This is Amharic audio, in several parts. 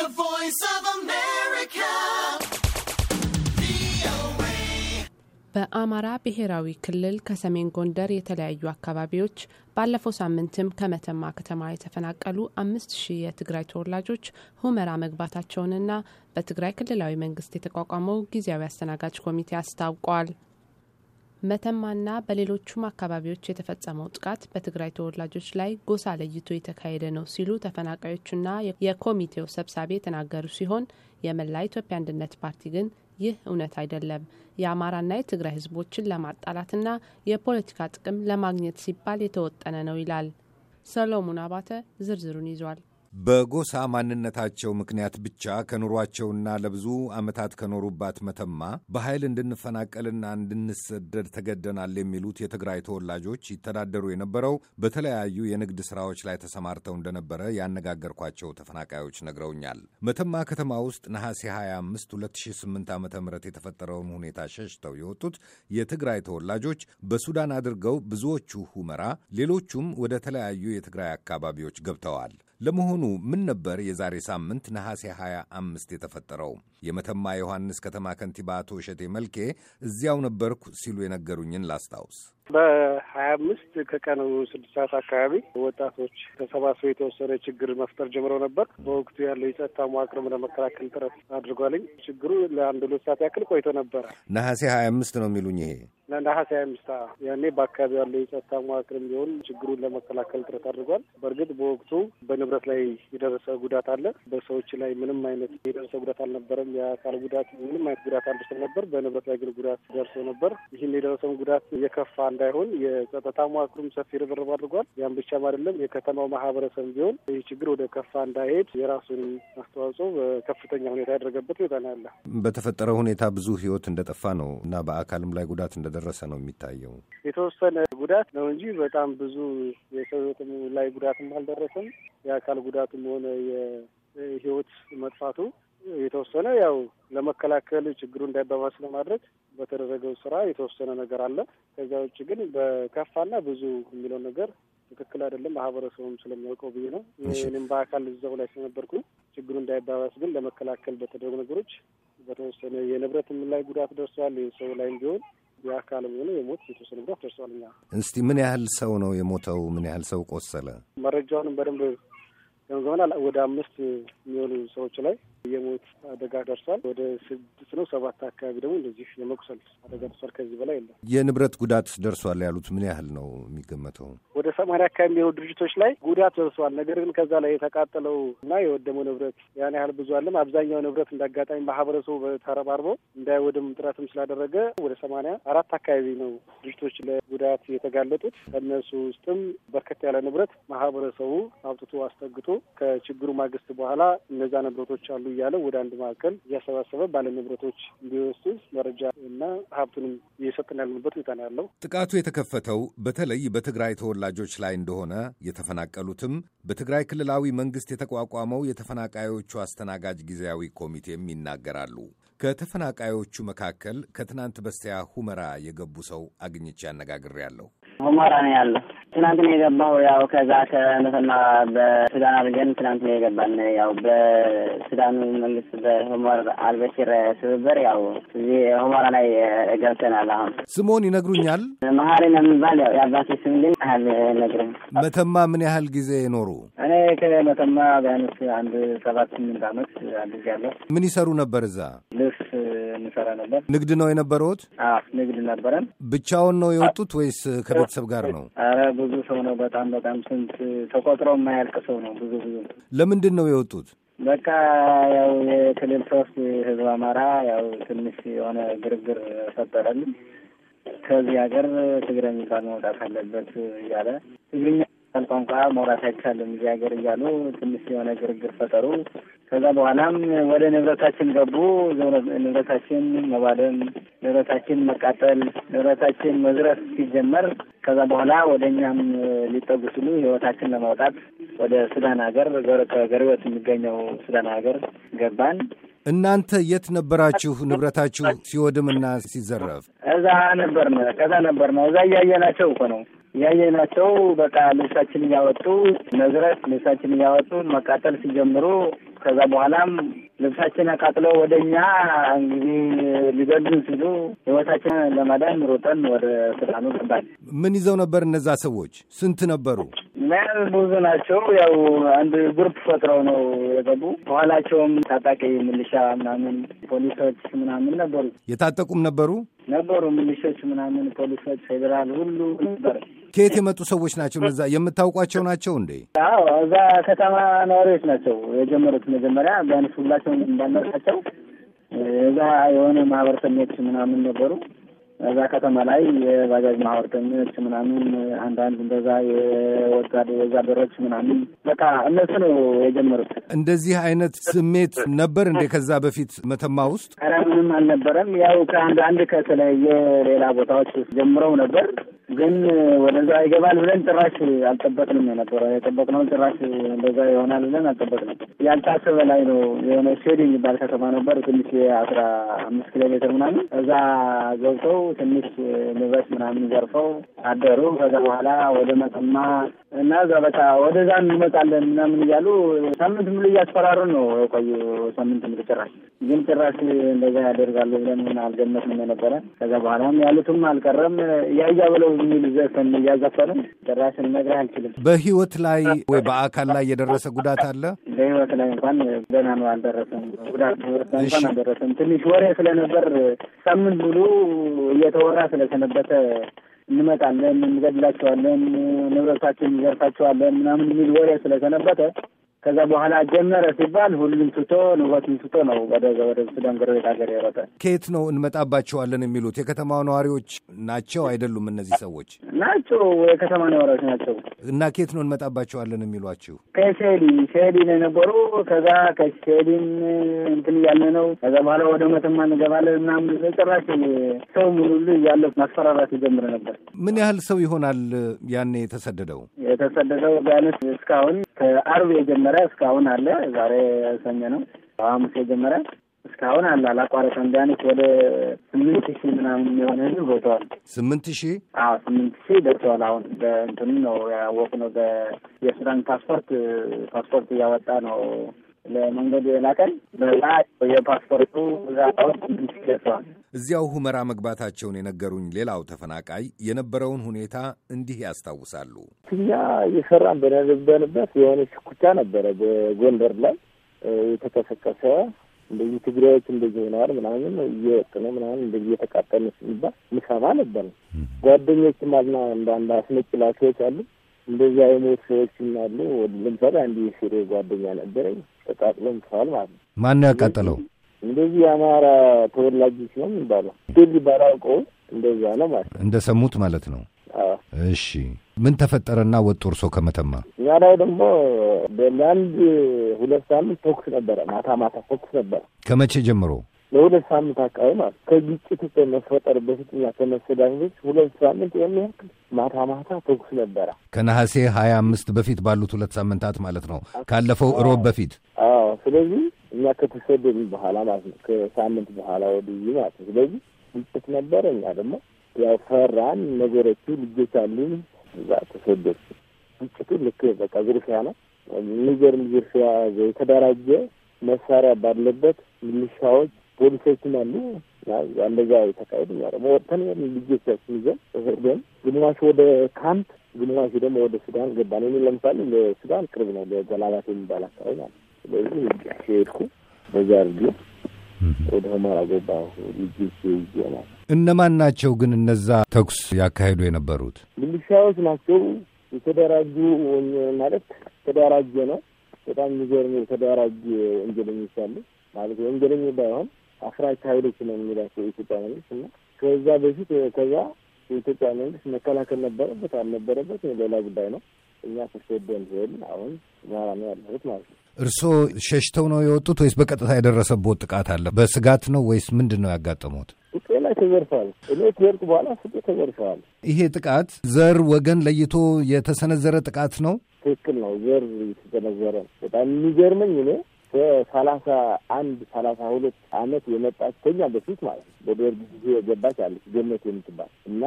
The Voice of America. በአማራ ብሔራዊ ክልል ከሰሜን ጎንደር የተለያዩ አካባቢዎች ባለፈው ሳምንትም ከመተማ ከተማ የተፈናቀሉ አምስት ሺህ የትግራይ ተወላጆች ሁመራ መግባታቸውንና በትግራይ ክልላዊ መንግስት የተቋቋመው ጊዜያዊ አስተናጋጅ ኮሚቴ አስታውቋል። መተማና በሌሎቹም አካባቢዎች የተፈጸመው ጥቃት በትግራይ ተወላጆች ላይ ጎሳ ለይቶ የተካሄደ ነው ሲሉ ተፈናቃዮቹና የኮሚቴው ሰብሳቢ የተናገሩ ሲሆን የመላ ኢትዮጵያ አንድነት ፓርቲ ግን ይህ እውነት አይደለም፣ የአማራና የትግራይ ህዝቦችን ለማጣላትና የፖለቲካ ጥቅም ለማግኘት ሲባል የተወጠነ ነው ይላል። ሰሎሞን አባተ ዝርዝሩን ይዟል። በጎሳ ማንነታቸው ምክንያት ብቻ ከኑሯቸውና ለብዙ ዓመታት ከኖሩባት መተማ በኃይል እንድንፈናቀልና እንድንሰደድ ተገደናል የሚሉት የትግራይ ተወላጆች ይተዳደሩ የነበረው በተለያዩ የንግድ ሥራዎች ላይ ተሰማርተው እንደነበረ ያነጋገርኳቸው ተፈናቃዮች ነግረውኛል። መተማ ከተማ ውስጥ ነሐሴ 25 2008 ዓ ም የተፈጠረውን ሁኔታ ሸሽተው የወጡት የትግራይ ተወላጆች በሱዳን አድርገው ብዙዎቹ ሁመራ፣ ሌሎቹም ወደ ተለያዩ የትግራይ አካባቢዎች ገብተዋል። ለመሆኑ ምን ነበር የዛሬ ሳምንት ነሐሴ 25 የተፈጠረው? የመተማ ዮሐንስ ከተማ ከንቲባ አቶ እሸቴ መልኬ እዚያው ነበርኩ ሲሉ የነገሩኝን ላስታውስ። በሀያ አምስት ከቀኑ ስድስት ሰዓት አካባቢ ወጣቶች ተሰባስበው የተወሰነ ችግር መፍጠር ጀምረው ነበር። በወቅቱ ያለው የጸጥታ መዋቅርም ለመከላከል ጥረት አድርጓልኝ። ችግሩ ለአንድ ሁለት ሰዓት ያክል ቆይቶ ነበረ። ነሐሴ ሀያ አምስት ነው የሚሉኝ ይሄ ለነሐሴ ሀያ አምስት ያኔ በአካባቢ ያለው የጸጥታ መዋክር ቢሆን ችግሩን ለመከላከል ጥረት አድርጓል። በእርግጥ በወቅቱ በንብረት ላይ የደረሰ ጉዳት አለ። በሰዎች ላይ ምንም አይነት የደረሰ ጉዳት አልነበረም። የአካል ጉዳት ምንም አይነት ጉዳት አልደረሰም ነበር። በንብረት ላይ ግን ጉዳት ደርሶ ነበር። ይህን የደረሰውን ጉዳት የከፋ እንዳይሆን የጸጥታ መዋቅሩም ሰፊ ርብርብ አድርጓል። ያም ብቻም አይደለም፣ የከተማው ማህበረሰብ ቢሆን ይህ ችግር ወደ ከፋ እንዳይሄድ የራሱን አስተዋጽኦ በከፍተኛ ሁኔታ ያደረገበት ሁኔታ ነው ያለ። በተፈጠረው ሁኔታ ብዙ ህይወት እንደጠፋ ነው እና በአካልም ላይ ጉዳት እንደ እንዳደረሰ ነው የሚታየው። የተወሰነ ጉዳት ነው እንጂ በጣም ብዙ የሰውትም ላይ ጉዳትም አልደረሰም። የአካል ጉዳትም ሆነ የህይወት መጥፋቱ የተወሰነ ያው ለመከላከል ችግሩ እንዳይባባስ ለማድረግ በተደረገው ስራ የተወሰነ ነገር አለ። ከዚያ ውጭ ግን በከፋና ብዙ የሚለው ነገር ትክክል አይደለም። ማህበረሰቡም ስለሚያውቀው ብዬ ነው። እኔም በአካል እዛው ላይ ስለነበርኩ ችግሩ እንዳይባባስ ግን ለመከላከል በተደረጉ ነገሮች በተወሰነ የንብረትም ላይ ጉዳት ደርሷል። ሰው ላይም ቢሆን የአካልም ሆነ የሞት የተወሰነ ጉዳት ደርሷል። እኛ እስቲ ምን ያህል ሰው ነው የሞተው? ምን ያህል ሰው ቆሰለ? መረጃውንም በደንብ ገምገመናል። ወደ አምስት የሚሆኑ ሰዎች ላይ የሞት አደጋ ደርሷል። ወደ ስድስት ነው ሰባት አካባቢ ደግሞ እንደዚህ የመቁሰል አደጋ ደርሷል። ከዚህ በላይ የለም። የንብረት ጉዳት ደርሷል ያሉት ምን ያህል ነው የሚገመተው? ወደ ሰማንያ አካባቢ የሚሆኑ ድርጅቶች ላይ ጉዳት ደርሷል። ነገር ግን ከዛ ላይ የተቃጠለው እና የወደመው ንብረት ያን ያህል ብዙ አለም። አብዛኛው ንብረት እንዳጋጣሚ ማህበረሰቡ በተረባርቦ እንዳይወድም ጥረትም ስላደረገ ወደ ሰማንያ አራት አካባቢ ነው ድርጅቶች ለጉዳት የተጋለጡት። ከእነሱ ውስጥም በርከት ያለ ንብረት ማህበረሰቡ አውጥቶ አስጠግቶ ከችግሩ ማግስት በኋላ እነዛ ንብረቶች አሉ እያለ ወደ አንድ ማዕከል እያሰባሰበ ባለ ንብረቶች እንዲወስዱ መረጃ እና ሀብቱንም እየሰጠን ያለንበት ሁኔታ ነው ያለው። ጥቃቱ የተከፈተው በተለይ በትግራይ ተወላጆች ላይ እንደሆነ የተፈናቀሉትም በትግራይ ክልላዊ መንግስት የተቋቋመው የተፈናቃዮቹ አስተናጋጅ ጊዜያዊ ኮሚቴም ይናገራሉ። ከተፈናቃዮቹ መካከል ከትናንት በስቲያ ሁመራ የገቡ ሰው አግኝቼ አነጋግሬያለሁ። ሁመራ ነው ያለው። ትናንት ነው የገባው። ያው ከዛ ከመተማ በሱዳን አድርገን ትናንት ነው የገባን። ያው በሱዳኑ መንግስት በሆመር አልበሽር ትብብር ያው እዚህ ሆመራ ላይ ገብተናል። አሁን ስሞን ይነግሩኛል። መሀሪ ነው የሚባል ያው የአባቴ ስም ግን አልነግርም። መተማ ምን ያህል ጊዜ ኖሩ? ከመተማ ቢያንስ አንድ ሰባት ስምንት አመት አድርጌያለሁ። ምን ይሰሩ ነበር እዛ? ልብስ እንሰራ ነበር። ንግድ ነው የነበረውት? ንግድ ነበረን። ብቻውን ነው የወጡት ወይስ ከቤተሰብ ጋር ነው? አረ ብዙ ሰው ነው። በጣም በጣም ስንት ተቆጥሮ የማያልቅ ሰው ነው። ብዙ ብዙ። ለምንድን ነው የወጡት? በቃ ያው የክልል ሶስት ህዝብ አማራ ያው ትንሽ የሆነ ግርግር ፈጠረልን። ከዚህ ሀገር ትግረ የሚባል መውጣት አለበት እያለ ትግርኛ ሰልፍ ቋንቋ መውራት አይቻልም እዚህ ሀገር እያሉ ትንሽ የሆነ ግርግር ፈጠሩ። ከዛ በኋላም ወደ ንብረታችን ገቡ። ንብረታችን መባደም፣ ንብረታችን መቃጠል፣ ንብረታችን መዝረፍ ሲጀመር ከዛ በኋላ ወደ እኛም ሊጠጉ ሲሉ ህይወታችን ለማውጣት ወደ ሱዳን ሀገር ገርወት የሚገኘው ሱዳን ሀገር ገባን። እናንተ የት ነበራችሁ? ንብረታችሁ ሲወድምና ሲዘረፍ እዛ ነው። ከዛ ነበር ነው እዛ እያየናቸው እኮ ነው ያየናቸው በቃ ልብሳችን እያወጡ መዝረት ልብሳችን እያወጡ መቃጠል ሲጀምሩ ከዛ በኋላም ልብሳችን አቃጥለው ወደ እኛ እንግዲህ ሊገሉን ሲሉ ህይወታችን ለማዳን ሮጠን ወደ ሱዳኑ ገባል። ምን ይዘው ነበር እነዛ ሰዎች? ስንት ነበሩ? ብዙ ናቸው። ያው አንድ ግሩፕ ፈጥረው ነው የገቡ። በኋላቸውም ታጣቂ ምልሻ ምናምን ፖሊሶች ምናምን ነበሩ። የታጠቁም ነበሩ ነበሩ ምልሾች ምናምን ፖሊሶች፣ ፌዴራል ሁሉ ነበር። ከየት የመጡ ሰዎች ናቸው? እነዛ የምታውቋቸው ናቸው እንዴ? አዎ፣ እዛ ከተማ ነዋሪዎች ናቸው የጀመሩት። መጀመሪያ ቢያንስ ሁላቸውን እንዳናውቃቸው እዛ የሆነ ማህበረሰቦች ምናምን ነበሩ እዛ ከተማ ላይ የባጃጅ ማህበርተኞች ምናምን አንዳንድ እንደዛ ወዛደሮች ምናምን በቃ እነሱ ነው የጀመሩት። እንደዚህ አይነት ስሜት ነበር እንዴ ከዛ በፊት መተማ ውስጥ? ኧረ ምንም አልነበረም። ያው ከአንድ አንድ ከተለያየ ሌላ ቦታዎች ጀምረው ነበር ግን ወደዛ ይገባል ብለን ጭራሽ አልጠበቅንም የነበረ የጠበቅነውን ጭራሽ እንደዛ ይሆናል ብለን አልጠበቅንም። ያልታሰበ ላይ ነው የሆነ ሼድ የሚባል ከተማ ነበር ትንሽ የአስራ አምስት ኪሎ ሜትር ምናምን እዛ ገብተው ትንሽ ልበስ ምናምን ዘርፈው አደሩ። ከዛ በኋላ ወደ መተማ እና እዛ በቃ ወደዛ እንመጣለን ምናምን እያሉ ሳምንት ሙሉ እያስፈራሩ ነው የቆዩ። ሳምንት ሙሉ ጭራሽ ግን ጭራሽ እንደዛ ያደርጋሉ ብለን አልገመትንም የነበረ። ከዛ በኋላም ያሉትም አልቀረም ያያ ብለው የሚል ዘፈን እያዘፈንም ጭራሽ ልነግርህ አልችልም። በህይወት ላይ ወይ በአካል ላይ የደረሰ ጉዳት አለ? በህይወት ላይ እንኳን ገና ነው አልደረሰም። ጉዳት እንኳን አልደረሰም። ትንሽ ወሬ ስለነበር ሳምንት ሙሉ እየተወራ ስለሰነበተ እንመጣለን፣ እንገድላቸዋለን፣ ንብረታችን እንዘርፋቸዋለን ምናምን የሚል ወሬ ስለሰነበተ ከዛ በኋላ ጀመረ ሲባል ሁሉም ትቶ ንብረቱን ትቶ ነው ወደ ወደ ሱዳን ጎረቤት ሀገር የሮጠ። ከየት ነው እንመጣባቸዋለን የሚሉት የከተማው ነዋሪዎች ናቸው አይደሉም? እነዚህ ሰዎች ናቸው፣ የከተማ ነዋሪዎች ናቸው። እና ከየት ነው እንመጣባቸዋለን የሚሏችሁ? ከሴሊ ሴሊ ነው የነበሩ። ከዛ ከሴሊን እንትን እያለ ነው። ከዛ በኋላ ወደ መተማ እንገባለን እና ጭራሽ ሰው ሙሉሉ እያለ ማስፈራራት ይጀምር ነበር። ምን ያህል ሰው ይሆናል ያኔ የተሰደደው የተሰደደው ቢያንስ እስካሁን ከአርብ የጀመረ እስካሁን አለ። ዛሬ ሰኞ ነው። ሐሙስ የጀመረ እስካሁን አለ፣ አላቋረጠም። ቢያንስ ወደ ስምንት ሺህ ምናምን የሆነ ህዝብ ቦተዋል። ስምንት ሺህ አዎ፣ ስምንት ሺህ ደርሰዋል። አሁን በእንትኑ ነው ያወቅነው። በየሱዳን ፓስፖርት ፓስፖርት እያወጣ ነው ለመንገዱ የላቀን በዛ የፓስፖርቱ ዛጣዎች ስምንት ሺህ ደርሰዋል። እዚያው ሁመራ መግባታቸውን የነገሩኝ ሌላው ተፈናቃይ የነበረውን ሁኔታ እንዲህ ያስታውሳሉ። እኛ እየሰራን በነበርንበት የሆነ ሽኩቻ ነበረ። በጎንደር ላይ የተቀሰቀሰ እንደዚህ ትግራዮች እንደዚህ ሆነዋል ምናምን እየወጡ ነው ምናምን እንደዚህ እየተቃጠሉ ሲባል ምሰማ ነበር። ጓደኞች ማዝና አንዳንድ አስመጭ ላኪዎች አሉ እንደዚያ የሞት ሰዎች ይናሉ። ለምሳሌ አንድ የሲሪ ጓደኛ ነበረኝ ተቃጥሎ ምሰዋል ማለት ነው። ማን ያቃጠለው? እንደዚህ የአማራ ተወላጅ ሲሆን ይባላል ቴል ባላውቀው እንደዛ ነው ማለት እንደ ሰሙት ማለት ነው። እሺ ምን ተፈጠረና ወጡ እርሶ ከመተማ? እኛ ላይ ደግሞ ለአንድ ሁለት ሳምንት ተኩስ ነበረ። ማታ ማታ ተኩስ ነበረ። ከመቼ ጀምሮ? ለሁለት ሳምንት አካባቢ ማለት ከግጭት መፈጠር በፊት እና ሁለት ሳምንት የሚያክል ማታ ማታ ተኩስ ነበረ። ከነሐሴ ሀያ አምስት በፊት ባሉት ሁለት ሳምንታት ማለት ነው፣ ካለፈው እሮብ በፊት። ስለዚህ እኛ ከተሰደድን በኋላ ማለት ነው። ከሳምንት በኋላ ወዲህ ማለት ነው። ስለዚህ ግጭት ነበረ። እኛ ደግሞ ያው ፈራን። ነገሮቹ ልጆች አሉኝ እዛ ተሰደድ ግጭቱ ልክ በቃ ዝርፊያ ነው። የሚገርም ዝርፊያ የተደራጀ መሳሪያ ባለበት ሚሊሻዎች፣ ፖሊሶችም አሉ። እንደዛ የተካሄዱ እኛ ደግሞ ወጥተን ልጆቻችን ይዘን ተሰደን ግማሽ ወደ ካምፕ፣ ግማሽ ደግሞ ወደ ሱዳን ገባን። የሚል ለምሳሌ ለሱዳን ቅርብ ነው፣ ለገላባት የሚባል አካባቢ ማለት ነው ስለዚህ ሄድኩ በዛ ርዲዮ ወደ ሁመራ ገባሁ። ልጅ ይዘማ እነማን ናቸው ግን እነዛ ተኩስ ያካሄዱ የነበሩት? ሚሊሻዎች ናቸው የተደራጁ ማለት ተደራጀ ነው። በጣም የሚገርም የተደራጀ ወንጀለኞች አሉ ማለት ወንጀለኛ ባይሆን አፍራሽ ኃይሎች ነው የሚላቸው የኢትዮጵያ መንግስት እና ከዛ በፊት ከዛ የኢትዮጵያ መንግስት መከላከል ነበረበት አልነበረበት ሌላ ጉዳይ ነው። እኛ ሰሴደን ዘል አሁን ማራ ነው ያለሁት ማለት ነው። እርስዎ ሸሽተው ነው የወጡት ወይስ በቀጥታ የደረሰቦት ጥቃት አለ? በስጋት ነው ወይስ ምንድን ነው ያጋጠሙት? ሱቄ ላይ ተዘርፈዋል። እኔ ከወርቅ በኋላ ሱቄ ተዘርፈዋል። ይሄ ጥቃት ዘር ወገን ለይቶ የተሰነዘረ ጥቃት ነው። ትክክል ነው። ዘር የተሰነዘረ በጣም የሚገርመኝ እኔ ከሰላሳ አንድ ሰላሳ ሁለት አመት የመጣች ከኛ በፊት ማለት ነው በደርግ ጊዜ የገባች አለች ገነት የምትባል እና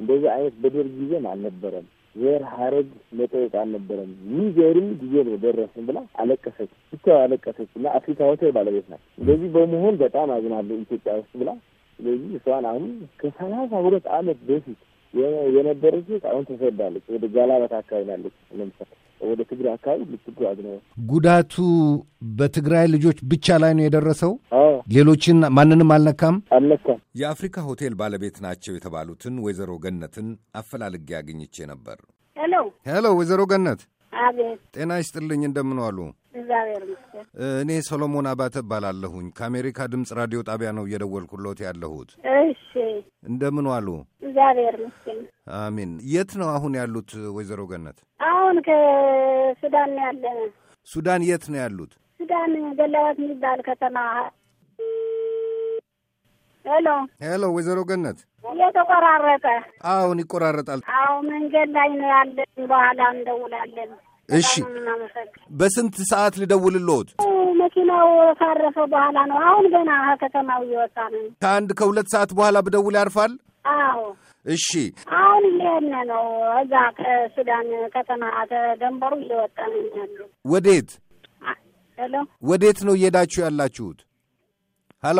እንደዚህ አይነት በደርግ ጊዜም አልነበረም ዘር ሀረግ መጠየቅ አልነበረም። ሚገርም ጊዜ ነው ደረስን ብላ አለቀሰች። ብቻ አለቀሰች እና አፍሪካ ሆቴል ባለቤት ናት። እንደዚህ በመሆን በጣም አዝናለሁ ኢትዮጵያ ውስጥ ብላ ስለዚህ እሷን አሁን ከሰላሳ ሁለት አመት በፊት የነበረች አሁን ተሰዳለች። ወደ ጋላበት አካባቢ ናለች ለምሳሌ ወደ ትግራይ አካባቢ ልትጓዝ ነው። ጉዳቱ በትግራይ ልጆች ብቻ ላይ ነው የደረሰው። ሌሎችን ማንንም አልነካም አልነካም። የአፍሪካ ሆቴል ባለቤት ናቸው የተባሉትን ወይዘሮ ገነትን አፈላልጌ አግኝቼ ነበር። ሄሎ ሄሎ፣ ወይዘሮ ገነት አቤት። ጤና ይስጥልኝ፣ እንደምን ዋሉ? እኔ ሰሎሞን አባተ እባላለሁኝ ከአሜሪካ ድምፅ ራዲዮ ጣቢያ ነው እየደወልኩሎት ያለሁት። እሺ፣ እንደምን ዋሉ? እግዚአብሔር ይመስገን። አሚን። የት ነው አሁን ያሉት ወይዘሮ ገነት? አሁን ከሱዳን ነው ያለ። ሱዳን የት ነው ያሉት? ሱዳን ገላዋት የሚባል ከተማ። ሄሎ ሄሎ፣ ወይዘሮ ገነት እየተቆራረጠ አሁን ይቆራረጣል። አዎ መንገድ ላይ ነው ያለን። በኋላ እንደውላለን። እሺ በስንት ሰዓት ልደውልልዎት? መኪናው ካረፈ በኋላ ነው። አሁን ገና ከተማው እየወጣ ነው። ከአንድ ከሁለት ሰዓት በኋላ ብደውል ያርፋል። አዎ እሺ አሁን እየሄድን ነው። እዛ ከሱዳን ከተማ ከደንበሩ እየወጣን ያሉ። ወዴት ወዴት ነው እየሄዳችሁ ያላችሁት? ሀሎ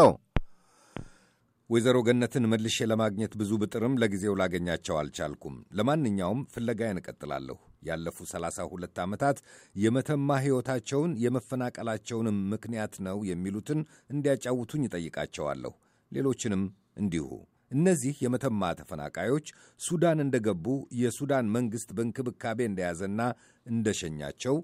ወይዘሮ ገነትን መልሼ ለማግኘት ብዙ ብጥርም ለጊዜው ላገኛቸው አልቻልኩም። ለማንኛውም ፍለጋዬን እቀጥላለሁ። ያለፉ ሰላሳ ሁለት ዓመታት የመተማ ሕይወታቸውን የመፈናቀላቸውንም ምክንያት ነው የሚሉትን እንዲያጫውቱኝ እጠይቃቸዋለሁ። ሌሎችንም እንዲሁ እነዚህ የመተማ ተፈናቃዮች ሱዳን እንደገቡ የሱዳን መንግሥት በእንክብካቤ እንደያዘና እንደሸኛቸው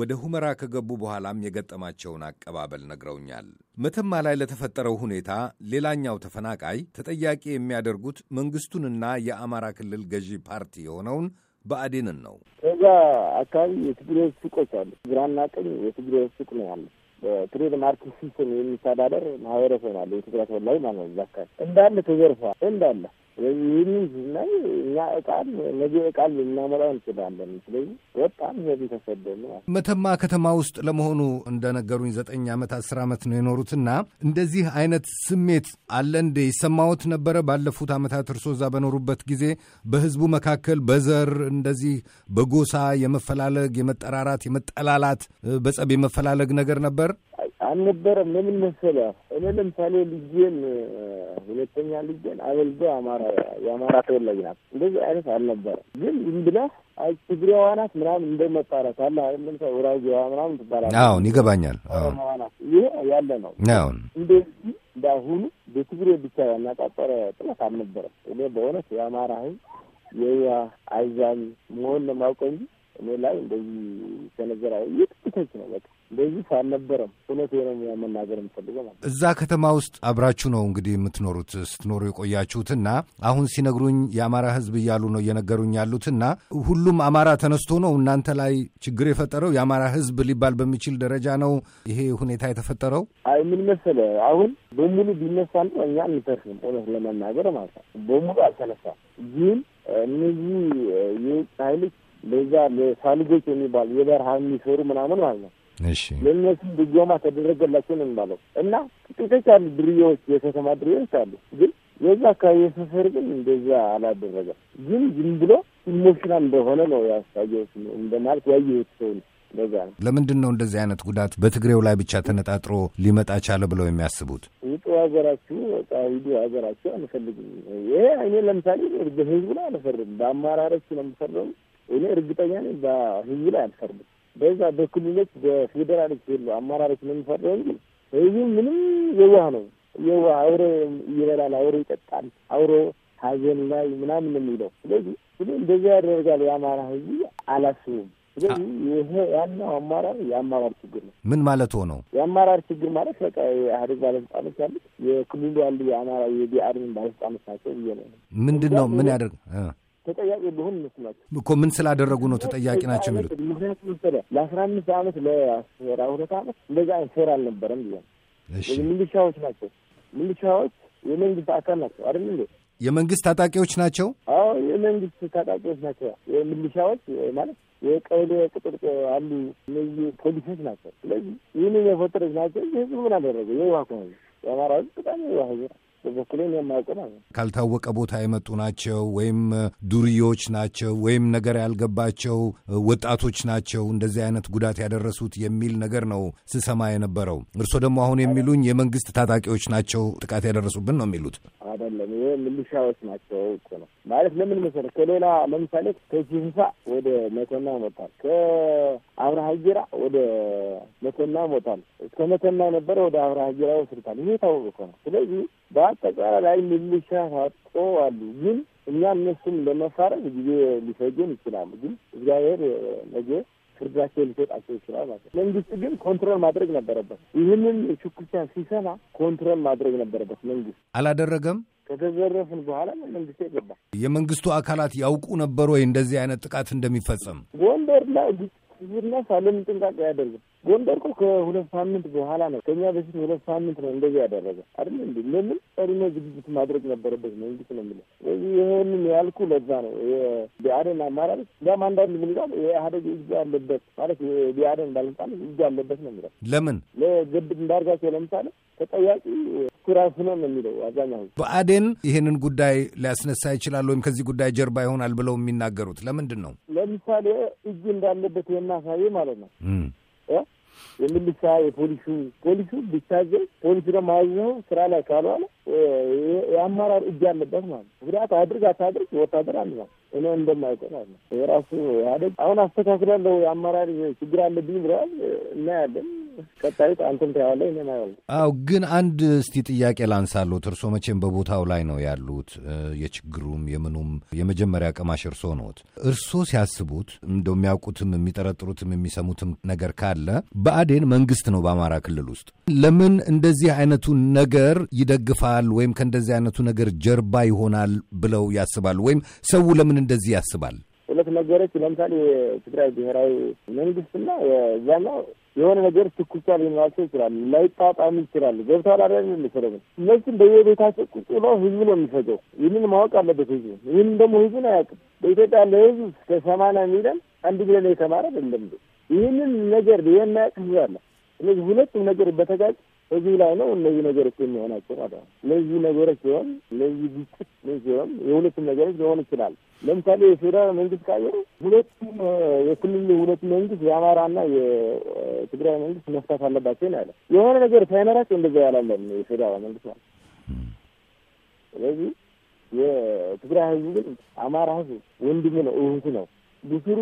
ወደ ሁመራ ከገቡ በኋላም የገጠማቸውን አቀባበል ነግረውኛል። መተማ ላይ ለተፈጠረው ሁኔታ ሌላኛው ተፈናቃይ ተጠያቂ የሚያደርጉት መንግሥቱንና የአማራ ክልል ገዢ ፓርቲ የሆነውን ብአዴንን ነው። እዛ አካባቢ የትግሬ ሱቆች አሉ። ግራና ቀኝ የትግሬ ሱቅ ነው ያለው በትሬድ ልማት ሲስተም የሚተዳደር ማህበረሰብ አለ። የትግራይ ተወላጅ ማለት ነው። እንዳለ ተዘርፏል እንዳለ ይህን ስናይ እኛ እጣን ነገ እጣን ልናመራው እንችላለን። ስለዚህ በጣም ህዝብ ተሰደነ። መተማ ከተማ ውስጥ ለመሆኑ እንደነገሩኝ ዘጠኝ ዓመት አስር ዓመት ነው የኖሩትና እንደዚህ አይነት ስሜት አለ እንዴ ይሰማዎት ነበረ? ባለፉት ዓመታት እርሶ እዛ በኖሩበት ጊዜ በህዝቡ መካከል በዘር እንደዚህ በጎሳ የመፈላለግ የመጠራራት፣ የመጠላላት፣ በጸብ የመፈላለግ ነገር ነበር? አልነበረም። ለምን መሰለ እኔ ለምሳሌ ልጄን ሁለተኛ ልጄን አበልዶ አማራ የአማራ ተወላጅ ናት እንደዚህ አይነት አልነበረም። ግን ዝም ብለህ አይ ትግሬዋ ናት ምናምን እንደመጣራት አለ ለምሳ ውራጅዋ ምናምን ትባላል። አሁን ይገባኛል። ናት ይሄ ያለ ነው። አሁን እንደዚህ እንዳሁኑ በትግሬ ብቻ ያናጣጠረ ጥለት አልነበረም። እኔ በእውነት የአማራ ህዝብ የያ አዛኝ መሆን ነው እንጂ እኔ ላይ እንደዚህ ተነገራ ይጥቶች ነው በቃ እንደዚህ አልነበረም። እውነት ነው መናገር የምፈልገው ማለት እዛ ከተማ ውስጥ አብራችሁ ነው እንግዲህ የምትኖሩት ስትኖሩ የቆያችሁትና አሁን ሲነግሩኝ የአማራ ሕዝብ እያሉ ነው እየነገሩኝ ያሉትና ሁሉም አማራ ተነስቶ ነው እናንተ ላይ ችግር የፈጠረው የአማራ ሕዝብ ሊባል በሚችል ደረጃ ነው ይሄ ሁኔታ የተፈጠረው። አይ ምን መሰለ አሁን በሙሉ ቢነሳ ነው እኛ አንተርፍም። እውነት ለመናገር ማለት ነው በሙሉ አልተነሳም። ግን እነዚህ የውጭ ኃይሎች ለዛ ለሳልጆች የሚባሉ የበረሃ የሚሰሩ ምናምን ማለት ነው። እሺ ለእነሱ ድጎማ ተደረገላቸው ነው የሚባለው እና ጥቂቶች አሉ ድርያዎች፣ የከተማ ድርያዎች አሉ። ግን የዛ አካባቢ የሰፈር ግን እንደዛ አላደረገም። ግን ዝም ብሎ ኢሞሽናል እንደሆነ ነው ያሳየሁት እንደማለት ያየሁት ሰው ነው። ለምንድን ነው እንደዚህ አይነት ጉዳት በትግሬው ላይ ብቻ ተነጣጥሮ ሊመጣ ቻለ ብለው የሚያስቡት? ውጡ ሀገራችሁ፣ በቃ ሂዱ ሀገራችሁ፣ አንፈልግም። ይሄ እኔ ለምሳሌ በህዝቡ ላይ አልፈርም፣ በአማራሮች ነው የምፈርደው እኔ እርግጠኛ ነኝ በህዝብ ላይ አልፈርድም። በዛ በክልሎች በፌዴራሎች የሉ አመራሮች ነው የሚፈርደው እንጂ ህዝቡ ምንም የዋህ ነው። የዋህ አውሮ ይበላል፣ አውሮ ይጠጣል፣ አውሮ ሀዘን ላይ ምናምን የሚለው። ስለዚህ ስለ እንደዚያ ያደርጋል የአማራ ህዝብ አላስቡም። ስለዚህ ይሄ ያለው አማራር የአማራር ችግር ነው። ምን ማለት ሆነው የአማራር ችግር ማለት በቃ የኢህአዴግ ባለስልጣኖች ያሉት የክልሉ ያሉ የአማራ የቢአርሚን ባለስልጣኖች ናቸው ብዬ ነው። ምንድን ነው ምን ያደርግ ተጠያቂ በሆን ይመስላል እኮ ምን ስላደረጉ ነው ተጠያቂ ናቸው የሚሉት? ምክንያቱ መሰለህ ለአስራ አምስት ዓመት ለአስራ ሁለት ዓመት እንደዛ አይነት ፌር አልነበረም ብያ ሚሊሻዎች ናቸው። ሚሊሻዎች የመንግስት አካል ናቸው አይደል እንዴ? የመንግስት ታጣቂዎች ናቸው። አዎ የመንግስት ታጣቂዎች ናቸው። የሚሊሻዎች ማለት የቀበሌ ቅጥር አሉ። እነዚህ ፖሊሶች ናቸው። ስለዚህ ይህንን የፈጠረች ናቸው። ህዝቡ ምን አደረገ? የዋህ ከሆነ የአማራ ህዝብ በጣም የዋህ ህዝብ በበኩሌ የማያውቀው ማለት ነው። ካልታወቀ ቦታ የመጡ ናቸው ወይም ዱርዮች ናቸው ወይም ነገር ያልገባቸው ወጣቶች ናቸው እንደዚህ አይነት ጉዳት ያደረሱት የሚል ነገር ነው ስሰማ የነበረው። እርስዎ ደግሞ አሁን የሚሉኝ የመንግስት ታጣቂዎች ናቸው ጥቃት ያደረሱብን ነው የሚሉት? አይደለም፣ ይሄ ሚሊሻዎች ናቸው እኮ ነው ማለት። ለምን መሰለህ ከሌላ ለምሳሌ ከጅንሳ ወደ መተማ ይመጣል፣ ከአብርሃ ጅራ ወደ መተማ ይመጣል። እስከ መተማ የነበረ ወደ አብርሃ ጅራ ይወስዱታል። ይሄ ታወቀ እኮ ነው። ስለዚህ ምልሻ የሚሻፋጦ አሉ። ግን እኛ እነሱም ለመፋረግ ጊዜ ሊፈጀን ይችላሉ። ግን እግዚአብሔር ነገ ፍርዳቸው ሊሰጣቸው ይችላል ማለት ነው። መንግስት ግን ኮንትሮል ማድረግ ነበረበት። ይህንን ሽኩቻ ሲሰማ ኮንትሮል ማድረግ ነበረበት መንግስት አላደረገም። ከተዘረፍን በኋላ መንግስት የገባ የመንግስቱ አካላት ያውቁ ነበር ወይ እንደዚህ አይነት ጥቃት እንደሚፈጸም ጎንደር ላይ ግጭትና ሳለምን ጥንቃቄ አያደርግም ጎንደር እኮ ከሁለት ሳምንት በኋላ ነው። ከኛ በፊት ሁለት ሳምንት ነው እንደዚህ ያደረገ አይደል? እንዲ ለምን ቀድሞ ዝግጅት ማድረግ ነበረበት መንግስት ነው የምለው። ስለዚህ ይህንን ያልኩ ለዛ ነው ብአዴን አማራጭ እንዲያም አንዳንድ ምንጋል የኢህአዴግ እጅ አለበት ማለት ብአዴን ባለስልጣን እጅ አለበት ነው የሚለው። ለምን ለግብድ እንዳርጋቸው ለምሳሌ ተጠያቂ ኩራዝ ነው የሚለው አብዛኛው ብአዴን ይህንን ጉዳይ ሊያስነሳ ይችላል ወይም ከዚህ ጉዳይ ጀርባ ይሆናል ብለው የሚናገሩት ለምንድን ነው? ለምሳሌ እጅ እንዳለበት የናሳይ ማለት ነው የምልሻ የፖሊሱ ፖሊሱ ቢታዘዝ ፖሊሱ ደግሞ አዝነው ስራ ላይ ካልዋለ የአመራር እጅ አለበት ማለት ጉዳት አድርግ አታድርግ ወታደር አለ ማለት እኔ እንደማይቆም አለ የራሱ ኢህአዴግ አሁን አስተካክላለሁ የአመራር ችግር አለብኝ ብለዋል። እናያለን። ቀጣዩ አንተም ታየዋለህ እኔም አዎ ግን አንድ እስቲ ጥያቄ ላንሳሉት። እርሶ መቼም በቦታው ላይ ነው ያሉት። የችግሩም የምኑም የመጀመሪያ ቀማሽ እርሶ ነዎት። እርሶ ሲያስቡት እንደው የሚያውቁትም የሚጠረጥሩትም የሚሰሙትም ነገር ካለ በአዴን መንግስት ነው በአማራ ክልል ውስጥ ለምን እንደዚህ አይነቱ ነገር ይደግፋል ወይም ከእንደዚህ አይነቱ ነገር ጀርባ ይሆናል ብለው ያስባሉ ወይም ሰው ለምን እንደዚህ ያስባል? ሁለት ነገሮች ለምሳሌ የትግራይ ብሔራዊ መንግስትና የዛና የሆነ ነገር ትኩቻ ሊኖራቸው ይችላል፣ ላይጣጣሙ ይችላሉ። ገብተዋል አዳን የሚሰለብን እነሱም በየቤታቸው ቁጭ ብሎ ህዝብ ነው የሚፈጀው። ይህንን ማወቅ አለበት ህዝቡ። ይህንን ደግሞ ህዝቡን አያውቅም። በኢትዮጵያ ያለ ህዝብ እስከ ሰማንያ ሚሊዮን አንድ ሚሊዮን የተማረ አይደለም። ይህንን ነገር የማያውቅ ህዝብ አለ። ስለዚህ ሁለቱም ነገር በተጋጭ እዚህ ላይ ነው እነዚህ ነገሮች የሚሆናቸው ማለት ነው። እነዚህ ነገሮች ሲሆን እነዚህ ግጭት ምን ሲሆን የሁለቱም ነገሮች ሊሆን ይችላል። ለምሳሌ የፌዴራል መንግስት ካየ ሁለቱም የክልል ሁለቱ መንግስት የአማራና የትግራይ መንግስት መፍታት አለባቸው ነው ያለ። የሆነ ነገር ሳይመራቸው እንደዛ ያላለን የፌዴራል መንግስት ማለት ስለዚህ የትግራይ ህዝብ ግን አማራ ህዝብ ወንድም ነው እህቱ ነው ብስሩ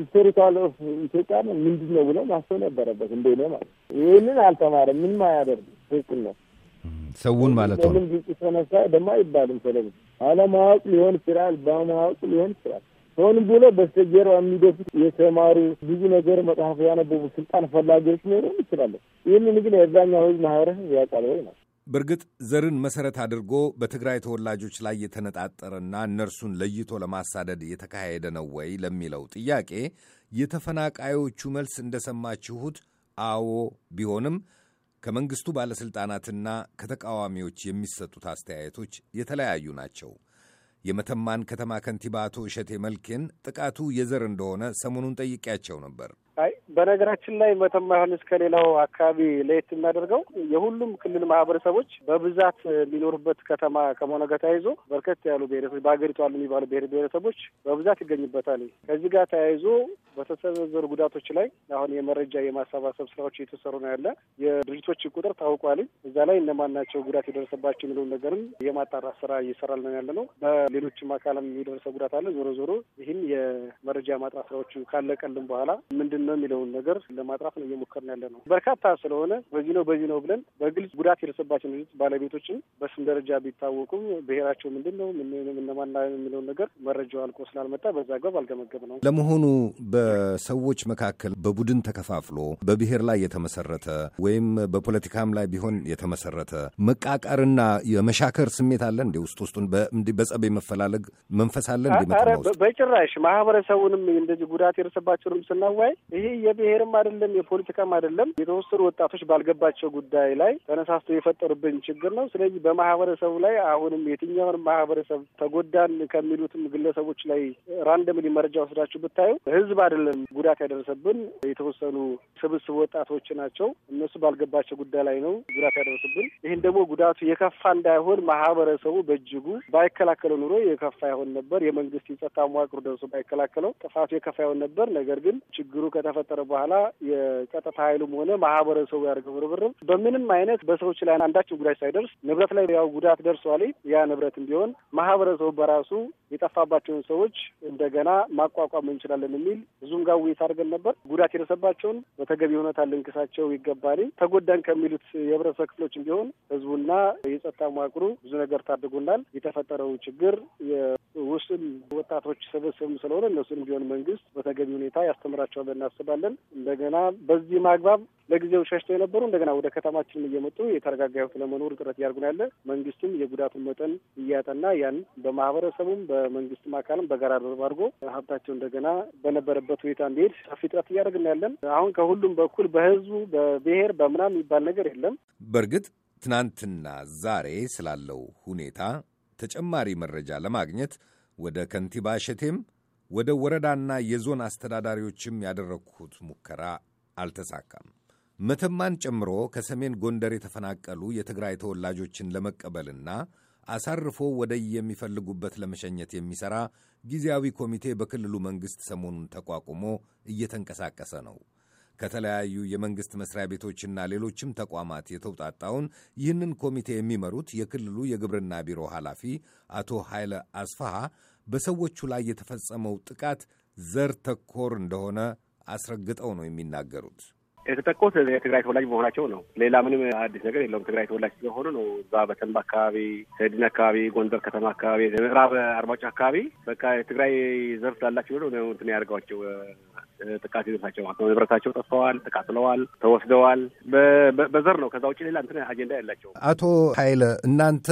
ሂስቶሪካል ኦፍ ኢትዮጵያ ምንድን ነው ብለው ማሰብ ነበረበት። እንደኔ ማለት ይህንን አልተማረም። ምን ማያደርግ ትክክል ነው ሰውን ማለት ነው። ምን ግጭት ተነሳ ደግሞ አይባልም። ስለዚህ አለማወቅ ሊሆን ይችላል፣ በማወቅ ሊሆን ይችላል። ሆን ብሎ በስተጀርባ የሚደፉት የተማሩ ብዙ ነገር መጽሐፍ ያነበቡ ስልጣን ፈላጊዎች ሊሆኑ ይችላለን። ይህንን ግን የአብዛኛው ህዝብ ማህበረሰብ ያውቃል ወይ ነው በእርግጥ ዘርን መሰረት አድርጎ በትግራይ ተወላጆች ላይ የተነጣጠረና እነርሱን ለይቶ ለማሳደድ የተካሄደ ነው ወይ ለሚለው ጥያቄ የተፈናቃዮቹ መልስ እንደሰማችሁት አዎ ቢሆንም ከመንግስቱ ባለሥልጣናትና ከተቃዋሚዎች የሚሰጡት አስተያየቶች የተለያዩ ናቸው። የመተማን ከተማ ከንቲባ አቶ እሸቴ መልኬን ጥቃቱ የዘር እንደሆነ ሰሞኑን ጠይቄያቸው ነበር። አይ በነገራችን ላይ መተማ ዮሐንስ ከሌላው አካባቢ ለየት የሚያደርገው የሁሉም ክልል ማህበረሰቦች በብዛት የሚኖሩበት ከተማ ከመሆነ ጋር ተያይዞ በርከት ያሉ ብሔረሰቦች በሀገሪቷ አሉ የሚባሉ ብሔር ብሔረሰቦች በብዛት ይገኙበታል። ከዚህ ጋር ተያይዞ በተሰነዘሩ ጉዳቶች ላይ አሁን የመረጃ የማሰባሰብ ስራዎች እየተሰሩ ነው ያለ የድርጅቶች ቁጥር ታውቋል። እዛ ላይ እነማን ናቸው ጉዳት የደረሰባቸው የሚለውን ነገርም የማጣራት ስራ እየሰራል ነው ያለ ነው። በሌሎችም አካልም የደረሰ ጉዳት አለ። ዞሮ ዞሮ ይህን የመረጃ ማጥራት ስራዎቹ ካለቀልን በኋላ ምንድን ምንድን ነው የሚለውን ነገር ለማጥራት ነው እየሞከርን ያለ ነው። በርካታ ስለሆነ በዚህ ነው በዚህ ነው ብለን በግልጽ ጉዳት የደረሰባቸው ባለቤቶችን በስም ደረጃ ቢታወቁም ብሔራቸው ምንድን ነው እነማን የሚለውን ነገር መረጃው አልቆ ስላልመጣ በዛ አግባብ አልገመገብ ነው። ለመሆኑ በሰዎች መካከል በቡድን ተከፋፍሎ በብሔር ላይ የተመሰረተ ወይም በፖለቲካም ላይ ቢሆን የተመሰረተ መቃቀርና የመሻከር ስሜት አለ እንዲ ውስጥ ውስጡን በጸብ የመፈላለግ መንፈስ አለ እንዲ በጭራሽ ማህበረሰቡንም እንደዚህ ጉዳት የደረሰባቸውንም ስናዋይ ይሄ የብሔርም አይደለም የፖለቲካም አይደለም። የተወሰኑ ወጣቶች ባልገባቸው ጉዳይ ላይ ተነሳስተው የፈጠሩብን ችግር ነው። ስለዚህ በማህበረሰቡ ላይ አሁንም የትኛውን ማህበረሰብ ተጎዳን ከሚሉትም ግለሰቦች ላይ ራንደምሊ መረጃ ወስዳችሁ ብታዩ ህዝብ አይደለም ጉዳት ያደረሰብን የተወሰኑ ስብስብ ወጣቶች ናቸው። እነሱ ባልገባቸው ጉዳይ ላይ ነው ጉዳት ያደረሰብን። ይህን ደግሞ ጉዳቱ የከፋ እንዳይሆን ማህበረሰቡ በእጅጉ ባይከላከለው ኑሮ የከፋ ይሆን ነበር። የመንግስት የጸጥታ መዋቅሩ ደርሶ ባይከላከለው ጥፋቱ የከፋ ይሆን ነበር። ነገር ግን ችግሩ ከተፈጠረ በኋላ የጸጥታ ኃይሉም ሆነ ማህበረሰቡ ያደርገው ርብርብ በምንም አይነት በሰዎች ላይ አንዳችን ጉዳት ሳይደርስ ንብረት ላይ ያው ጉዳት ደርሷል። ያ ንብረትም ቢሆን ማህበረሰቡ በራሱ የጠፋባቸውን ሰዎች እንደገና ማቋቋም እንችላለን የሚል ብዙም ጋር ውይይት አድርገን ነበር። ጉዳት የደረሰባቸውን በተገቢ ሁኔታ ልንክሳቸው ይገባል። ተጎዳን ከሚሉት የህብረተሰብ ክፍሎችም ቢሆን ህዝቡና የጸጥታ መዋቅሩ ብዙ ነገር ታድጉናል። የተፈጠረው ችግር የውስን ወጣቶች ስብስብም ስለሆነ እነሱንም ቢሆን መንግስት በተገቢ ሁኔታ ያስተምራቸዋል እናስባለን። እንደገና በዚህም አግባብ ለጊዜው ሸሽተው የነበሩ እንደገና ወደ ከተማችን እየመጡ የተረጋጋ ለመኖር ጥረት እያደረጉ ያለ መንግስቱም የጉዳቱን መጠን እያጠና ያን በማህበረሰቡም በመንግስቱም አካልም በጋራ ርብ አድርጎ ሀብታቸው እንደገና በነበረበት ሁኔታ እንዲሄድ ሰፊ ጥረት እያደረግን ያለን። አሁን ከሁሉም በኩል በህዝቡ በብሔር በምናም የሚባል ነገር የለም። በእርግጥ ትናንትና ዛሬ ስላለው ሁኔታ ተጨማሪ መረጃ ለማግኘት ወደ ከንቲባ ሸቴም ወደ ወረዳና የዞን አስተዳዳሪዎችም ያደረግሁት ሙከራ አልተሳካም። መተማን ጨምሮ ከሰሜን ጎንደር የተፈናቀሉ የትግራይ ተወላጆችን ለመቀበልና አሳርፎ ወደ የሚፈልጉበት ለመሸኘት የሚሠራ ጊዜያዊ ኮሚቴ በክልሉ መንግሥት ሰሞኑን ተቋቁሞ እየተንቀሳቀሰ ነው። ከተለያዩ የመንግሥት መሥሪያ ቤቶችና ሌሎችም ተቋማት የተውጣጣውን ይህንን ኮሚቴ የሚመሩት የክልሉ የግብርና ቢሮ ኃላፊ አቶ ኃይለ አስፋሃ በሰዎቹ ላይ የተፈጸመው ጥቃት ዘር ተኮር እንደሆነ አስረግጠው ነው የሚናገሩት። የተጠቆት የትግራይ ተወላጅ መሆናቸው ነው። ሌላ ምንም አዲስ ነገር የለውም። ትግራይ ተወላጅ ስለሆኑ ነው። እዛ በተንብ አካባቢ፣ ሰድን አካባቢ፣ ጎንደር ከተማ አካባቢ፣ ምዕራብ አርማጭሆ አካባቢ በቃ የትግራይ ዘር ስላላቸው ነው እንትን ጥቃት ይደርሳቸው ንብረታቸው ጠፍተዋል፣ ተቃጥለዋል፣ ተወስደዋል። በዘር ነው። ከዛ ውጭ ሌላ እንትን አጀንዳ ያላቸው። አቶ ኃይለ እናንተ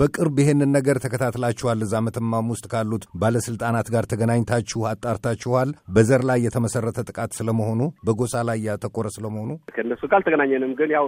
በቅርብ ይሄንን ነገር ተከታትላችኋል። እዛ መተማም ውስጥ ካሉት ባለስልጣናት ጋር ተገናኝታችሁ አጣርታችኋል። በዘር ላይ የተመሰረተ ጥቃት ስለመሆኑ፣ በጎሳ ላይ ያተኮረ ስለመሆኑ ከእነሱ ጋር አልተገናኘንም። ግን ያው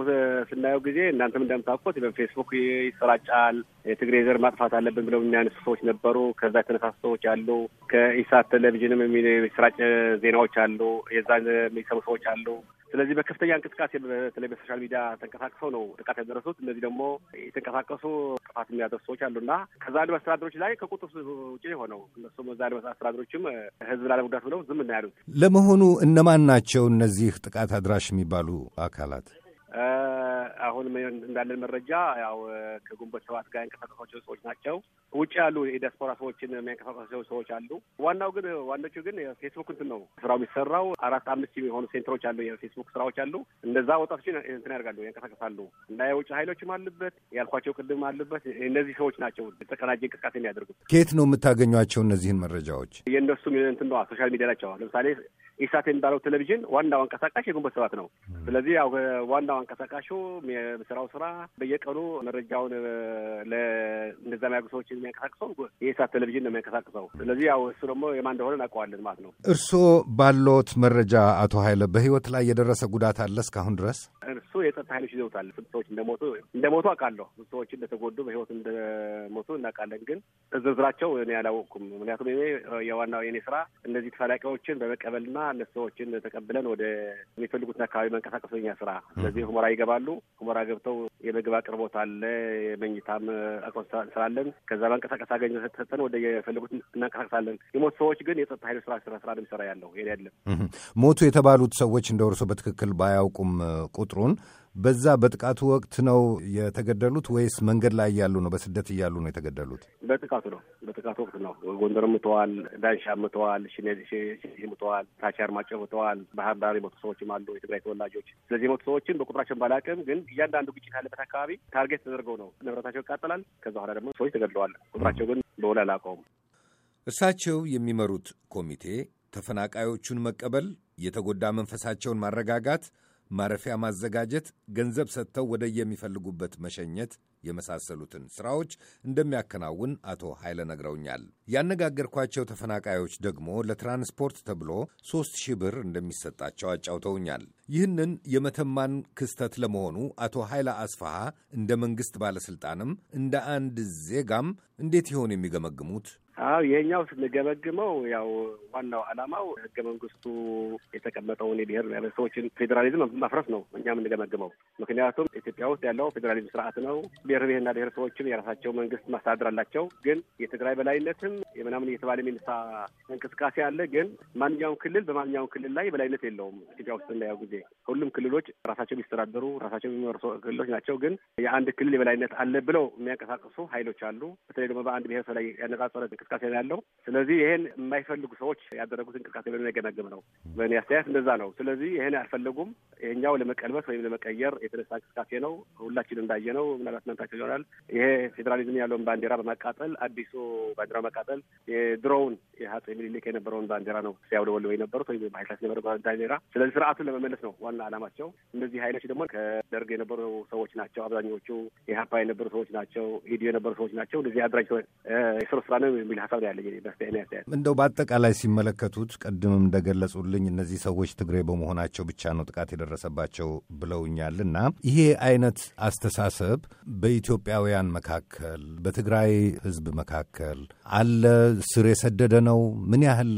ስናየው ጊዜ እናንተም እንደምታውቁት በፌስቡክ ይሰራጫል። የትግሬ ዘር ማጥፋት አለብን ብለው የሚያነሱ ሰዎች ነበሩ። ከዛ የተነሳሱ ሰዎች አሉ። ከኢሳት ቴሌቪዥንም የሚሰራጭ ዜናዎች አሉ አሉ፣ የዛን የሚሰሩ ሰዎች አሉ። ስለዚህ በከፍተኛ እንቅስቃሴ በተለይ በሶሻል ሚዲያ ተንቀሳቅሰው ነው ጥቃት ያደረሱት። እነዚህ ደግሞ የተንቀሳቀሱ ጥፋት የሚያደርሱ ሰዎች አሉ ከዛ ከዛሬ መስተዳድሮች ላይ ከቁጥር ውጭ የሆነው እነሱም ዛሬ መስተዳድሮችም ህዝብ ላለመጉዳት ብለው ዝም እናያሉት። ለመሆኑ እነማን ናቸው እነዚህ ጥቃት አድራሽ የሚባሉ አካላት? አሁን እንዳለን መረጃ ያው ከግንቦት ሰባት ጋር ያንቀሳቀሳቸው ሰዎች ናቸው። ውጭ ያሉ የዲያስፖራ ሰዎችን የሚያንቀሳቀሳቸው ሰዎች አሉ። ዋናው ግን ዋናዎቹ ግን የፌስቡክ እንትን ነው ስራው የሚሰራው። አራት አምስት የሆኑ ሴንተሮች አሉ፣ የፌስቡክ ስራዎች አሉ። እንደዛ ወጣቶች እንትን ያደርጋሉ፣ ያንቀሳቀሳሉ እና የውጭ ሀይሎችም አሉበት ያልኳቸው ቅድም አሉበት። እነዚህ ሰዎች ናቸው የተቀናጀ እንቅስቃሴ የሚያደርጉት። ከየት ነው የምታገኟቸው እነዚህን መረጃዎች? የእነሱም እንትን ነው ሶሻል ሚዲያ ናቸው። ለምሳሌ ኢሳት የሚባለው ቴሌቪዥን ዋናው አንቀሳቃሽ የግንቦት ሰባት ነው። ስለዚህ ያው ዋናው አንቀሳቃሹ የስራው ስራ በየቀኑ መረጃውን ለእንደዛ የሚያደርጉ ሰዎች የሚያንቀሳቅሰው የኢሳት ቴሌቪዥን ነው የሚያንቀሳቅሰው። ስለዚህ ያው እሱ ደግሞ የማን እንደሆነ እናውቀዋለን ማለት ነው። እርስዎ ባለዎት መረጃ አቶ ኃይለ በህይወት ላይ የደረሰ ጉዳት አለ እስካሁን ድረስ? እሱ የጸጥታ ኃይሎች ይዘውታል። ሰዎች እንደሞቱ እንደሞቱ አውቃለሁ። ሰዎች እንደተጎዱ በህይወት እንደሞቱ እናውቃለን። ግን ዝርዝራቸው እኔ አላወቅኩም። ምክንያቱም የዋናው የኔ ስራ እነዚህ ተፈላቂዎችን በመቀበልና እነሱ ሰዎችን ተቀብለን ወደ የሚፈልጉትን አካባቢ መንቀሳቀሰኛ ስራ። ስለዚህ ሁመራ ይገባሉ። ሁመራ ገብተው የምግብ አቅርቦት አለ፣ የመኝታም አቅርቦት ስላለን ከዛ መንቀሳቀስ አገኘ ሰተን ወደ የፈለጉት እናንቀሳቀሳለን። የሞቱ ሰዎች ግን የጸጥታ ኃይሉ ስራ ስራ ስራ የሚሰራ ያለው ይሄ አይደለም። ሞቱ የተባሉት ሰዎች እንደ እርሶ በትክክል ባያውቁም ቁጥሩን በዛ በጥቃቱ ወቅት ነው የተገደሉት ወይስ መንገድ ላይ እያሉ ነው? በስደት እያሉ ነው የተገደሉት? በጥቃቱ ነው። በጥቃቱ ወቅት ነው። ጎንደር ምተዋል፣ ዳንሻ ምተዋል፣ ሽኔ ምተዋል፣ ታች አርማጭሆ ምተዋል፣ ባህር ዳር የሞቱ ሰዎችም አሉ፣ የትግራይ ተወላጆች። ስለዚህ የሞቱ ሰዎችን በቁጥራቸውን ባላቅም፣ ግን እያንዳንዱ ግጭት ያለበት አካባቢ ታርጌት ተደርገው ነው። ንብረታቸው ይቃጠላል። ከዛ በኋላ ደግሞ ሰዎች ተገድለዋል። ቁጥራቸው ግን በውል አላውቀውም። እርሳቸው የሚመሩት ኮሚቴ ተፈናቃዮቹን መቀበል፣ የተጎዳ መንፈሳቸውን ማረጋጋት ማረፊያ ማዘጋጀት፣ ገንዘብ ሰጥተው ወደ የሚፈልጉበት መሸኘት የመሳሰሉትን ስራዎች እንደሚያከናውን አቶ ኃይለ ነግረውኛል። ያነጋገርኳቸው ተፈናቃዮች ደግሞ ለትራንስፖርት ተብሎ ሦስት ሺህ ብር እንደሚሰጣቸው አጫውተውኛል። ይህንን የመተማን ክስተት ለመሆኑ አቶ ኃይለ አስፋሃ እንደ መንግሥት ባለሥልጣንም እንደ አንድ ዜጋም እንዴት ይሆን የሚገመግሙት? አዎ ይሄኛው ስንገመግመው ያው ዋናው ዓላማው ህገ መንግስቱ የተቀመጠውን የብሔር ብሔረሰቦችን ፌዴራሊዝም መፍረስ ነው። እኛ የምንገመግመው ምክንያቱም ኢትዮጵያ ውስጥ ያለው ፌዴራሊዝም ስርዓት ነው። ብሔር ብሔርና ብሔረሰቦችም የራሳቸው መንግስት ማስተዳደር አላቸው። ግን የትግራይ በላይነትም የምናምን እየተባለ የሚነሳ እንቅስቃሴ አለ። ግን ማንኛውም ክልል በማንኛውም ክልል ላይ በላይነት የለውም። ኢትዮጵያ ውስጥ ስናየው ጊዜ ሁሉም ክልሎች ራሳቸው የሚስተዳደሩ ራሳቸው የሚመሩ ክልሎች ናቸው። ግን የአንድ ክልል የበላይነት አለ ብለው የሚያንቀሳቅሱ ሀይሎች አሉ። በተለይ ደግሞ በአንድ ብሔረሰብ ላይ ያነጻጸረ እንቅስቃሴ ያለው። ስለዚህ ይሄን የማይፈልጉ ሰዎች ያደረጉት እንቅስቃሴ ብለን የገመገም ነው። በእኔ አስተያየት እንደዛ ነው። ስለዚህ ይሄን አልፈለጉም። ይሄኛው ለመቀልበስ ወይም ለመቀየር የተነሳ እንቅስቃሴ ነው። ሁላችን እንዳየ ነው። ምናልባት መምታቸው ይሆናል። ይሄ ፌዴራሊዝም ያለውን ባንዲራ በማቃጠል አዲሱ ባንዲራ በማቃጠል የድሮውን የአፄ ምኒልክ የነበረውን ባንዲራ ነው ሲያውለበልበው የነበሩት ወይም ኃይላት የነበረ ባንዲራ። ስለዚህ ስርዓቱን ለመመለስ ነው ዋና አላማቸው። እነዚህ ሀይሎች ደግሞ ከደርግ የነበሩ ሰዎች ናቸው። አብዛኞቹ የሀፓ የነበሩ ሰዎች ናቸው። ሂዲዮ የነበሩ ሰዎች ናቸው። እነዚህ አደራጅ የስሩ ስራ ነው የሚል ሀሳብ ያለኝ እንደው በአጠቃላይ ሲመለከቱት ቅድምም እንደገለጹልኝ እነዚህ ሰዎች ትግሬ በመሆናቸው ብቻ ነው ጥቃት የደረሰባቸው እና ይሄ አይነት አስተሳሰብ በኢትዮጵያውያን መካከል በትግራይ ህዝብ መካከል አለ። ስር የሰደደ ነው። ምን ያህል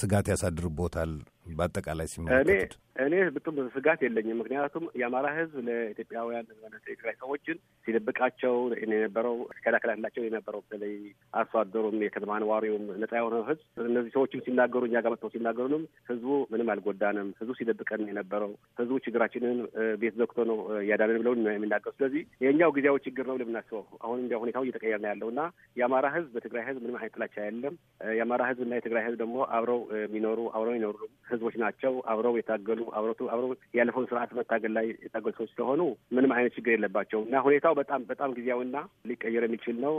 ስጋት ያሳድርቦታል? በአጠቃላይ ሲመለከቱት እኔ ብጡም ስጋት የለኝም። ምክንያቱም የአማራ ህዝብ ለኢትዮጵያውያን ትግራይ ሰዎችን ሲደብቃቸው የነበረው ሲከላከላላቸው የነበረው በተለይ አርሶ አደሩም የከተማ ነዋሪውም ነጻ የሆነው ህዝብ እነዚህ ሰዎችም ሲናገሩ እኛ ጋር መጥተው ሲናገሩንም ህዝቡ ምንም አልጎዳንም፣ ህዝቡ ሲደብቀን የነበረው ህዝቡ ችግራችንን ቤት ዘግቶ ነው እያዳንን ብለው የሚናገሩ ስለዚህ የእኛው ጊዜያዊ ችግር ነው ብለምናስበው አሁን እንዲ ሁኔታው እየተቀየር ነው ያለው እና የአማራ ህዝብ በትግራይ ህዝብ ምንም አይነት ጥላቻ የለም። የአማራ ህዝብ እና የትግራይ ህዝብ ደግሞ አብረው የሚኖሩ አብረው የሚኖሩ ህዝቦች ናቸው። አብረው የታገሉ የታገሉ አብረቱ አብረ ያለፈውን ስርዓት መታገል ላይ የታገል ሰዎች ስለሆኑ ምንም አይነት ችግር የለባቸው እና ሁኔታው በጣም በጣም ጊዜያዊና ሊቀየር የሚችል ነው።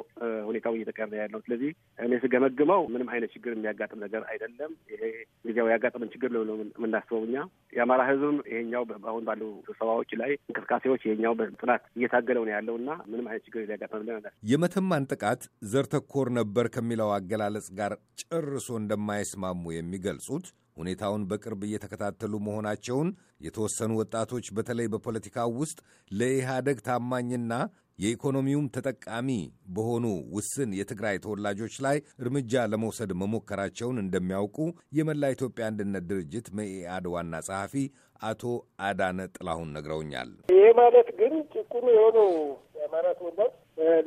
ሁኔታው እየተቀየረ ያለው ስለዚህ እኔ ስገመግመው ምንም አይነት ችግር የሚያጋጥም ነገር አይደለም። ይሄ ጊዜያዊ ያጋጥምን ችግር ነው የምናስበው እኛ የአማራ ህዝብም ይሄኛው አሁን ባሉ ስብሰባዎች ላይ እንቅስቃሴዎች ይሄኛው በጥናት እየታገለው ነው ያለው እና ምንም አይነት ችግር ሊያጋጥም የመተማን ጥቃት ዘር ተኮር ነበር ከሚለው አገላለጽ ጋር ጨርሶ እንደማይስማሙ የሚገልጹት ሁኔታውን በቅርብ እየተከታተሉ መሆናቸውን የተወሰኑ ወጣቶች በተለይ በፖለቲካው ውስጥ ለኢህአደግ ታማኝና የኢኮኖሚውም ተጠቃሚ በሆኑ ውስን የትግራይ ተወላጆች ላይ እርምጃ ለመውሰድ መሞከራቸውን እንደሚያውቁ የመላ ኢትዮጵያ አንድነት ድርጅት መኢአድ ዋና ጸሐፊ አቶ አዳነ ጥላሁን ነግረውኛል። ይሄ ማለት ግን ጭቁኑ የሆነው የአማራ ተወላጅ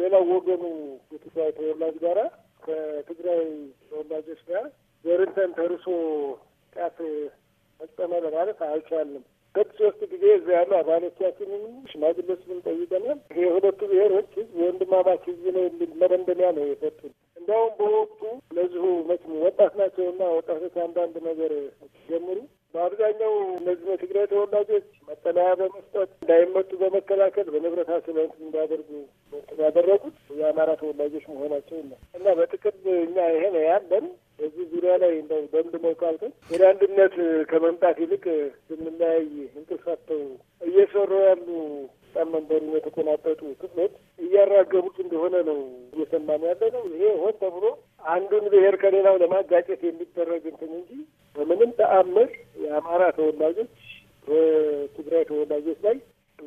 ሌላው ወገኑ የትግራይ ተወላጅ ጋራ ከትግራይ ተወላጆች ጋር ዘርን ተርሶ ጥቃት ፈጸመ ለማለት አይቻልም። ሁለት ሶስት ጊዜ እዛ ያሉ አባሎቻችንም ሽማግሌዎችንም ጠይቀናል። ይሄ ሁለቱ ብሔሮች ህዝብ ወንድማማች ህዝብ ነው የሚል መደምደሚያ ነው የሰጡን። እንዲያውም በወቅቱ ለዚሁ መቼም ወጣት ናቸውና ወጣቶች አንዳንድ ነገር ሲጀምሩ በአብዛኛው እነዚህ ትግራይ ተወላጆች መጠለያ በመስጠት እንዳይመጡ በመከላከል በንብረት ስበት እንዳደርጉ ያደረጉት የአማራ ተወላጆች መሆናቸው ነው እና ወደ አንድነት ከመምጣት ይልቅ ስንለያይ እንቅፋተው እየሰሩ ያሉ በጣም መንበሩን የተቆናጠጡ ክፍሎች እያራገቡት እንደሆነ ነው እየሰማን ያለ ነው። ይሄ ሆን ተብሎ አንዱን ብሔር ከሌላው ለማጋጨት የሚደረግ እንትን እንጂ በምንም ተአምር የአማራ ተወላጆች በትግራይ ተወላጆች ላይ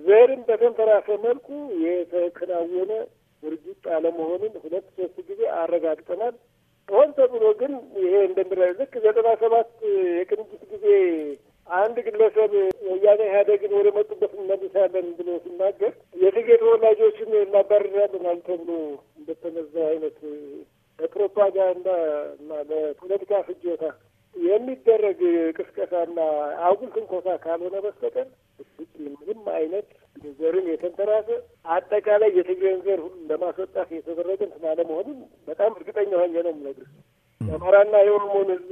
ዘርን በተንተራሰ መልኩ የተከናወነ ድርጊት አለመሆኑን ሁለት ሶስት ጊዜ አረጋግጠናል። ሆኖ ግን ይሄ እንደምረ ልክ ዘጠና ሰባት የቅንጅት ጊዜ አንድ ግለሰብ ወያኔ ኢህአዴግን ወደ መጡበት እንመልሳለን ብሎ ሲናገር የትጌ ተወላጆችን እናባርራለን ተብሎ እንደተነዛ አይነት ለፕሮፓጋንዳ እና ለፖለቲካ ፍጆታ የሚደረግ ቅስቀሳና አጉል ትንኮሳ ካልሆነ በስተቀር ምንም አይነት ዘርን የተንተራሰ አጠቃላይ የትግሬን ዘር ሁሉ ለማስወጣት የተደረገ እንትን አለመሆኑን በጣም እርግጠኛ ሆኜ ነው የምነግርህ። የአማራና የኦሮሞን ህዝብ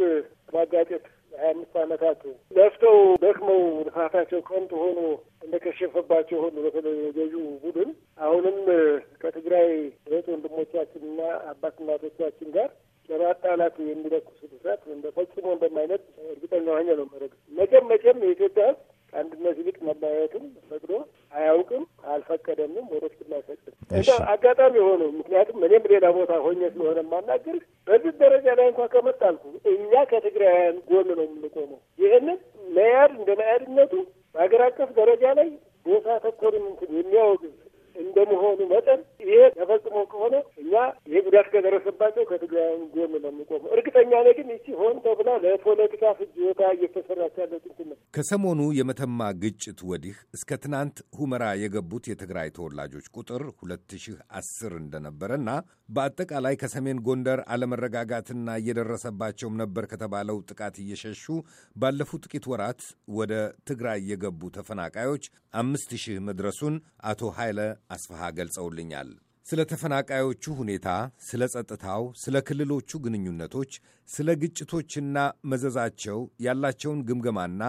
ማጋጨት ሀያ አምስት ዓመታት ለፍተው ደክመው ልፋታቸው ከንቱ ሆኖ እንደከሸፈባቸው ሆኑ። በተለይ ገዢ ቡድን አሁንም ከትግራይ እህት ወንድሞቻችንና አባት እናቶቻችን ጋር ለማጣላት የሚለኩሱት እሳት ፈጽሞ እንደማይነት እርግጠኛ ሆኜ ነው መረግ መቼም መቼም የኢትዮጵያ ህዝብ ከአንድነት ይልቅ መለያየትን ፈቅዶ አያውቅም፣ አልፈቀደምም፣ ወደፊት እንደ አጋጣሚ የሆነ ምክንያቱም እኔም ሌላ ቦታ ሆኜ ስለሆነ የማናገር በዚህ ደረጃ ላይ እንኳ ከመጣልኩ እኛ ከትግራውያን ጎን ነው የምንቆመው። ይህንን መያድ እንደ መያድነቱ በሀገር አቀፍ ደረጃ ላይ ቦታ ተኮር እንትን የሚያወግዝ እንደመሆኑ መጠን ይሄ ተፈጽሞ ከሆነ እኛ ይሄ ጉዳት ከደረሰባቸው ከትግራውያን ጎን ነው የምንቆመው። እርግጠኛ ነኝ ግን ይቺ ሆን ተብላ ለፖለቲካ ፍጆታ እየተሰራች ያለች ከሰሞኑ የመተማ ግጭት ወዲህ እስከ ትናንት ሁመራ የገቡት የትግራይ ተወላጆች ቁጥር 2010 እንደነበረና በአጠቃላይ ከሰሜን ጎንደር አለመረጋጋትና እየደረሰባቸውም ነበር ከተባለው ጥቃት እየሸሹ ባለፉት ጥቂት ወራት ወደ ትግራይ የገቡ ተፈናቃዮች አምስት ሺህ መድረሱን አቶ ኃይለ አስፋሃ ገልጸውልኛል። ስለ ተፈናቃዮቹ ሁኔታ፣ ስለ ጸጥታው፣ ስለ ክልሎቹ ግንኙነቶች፣ ስለ ግጭቶችና መዘዛቸው ያላቸውን ግምገማና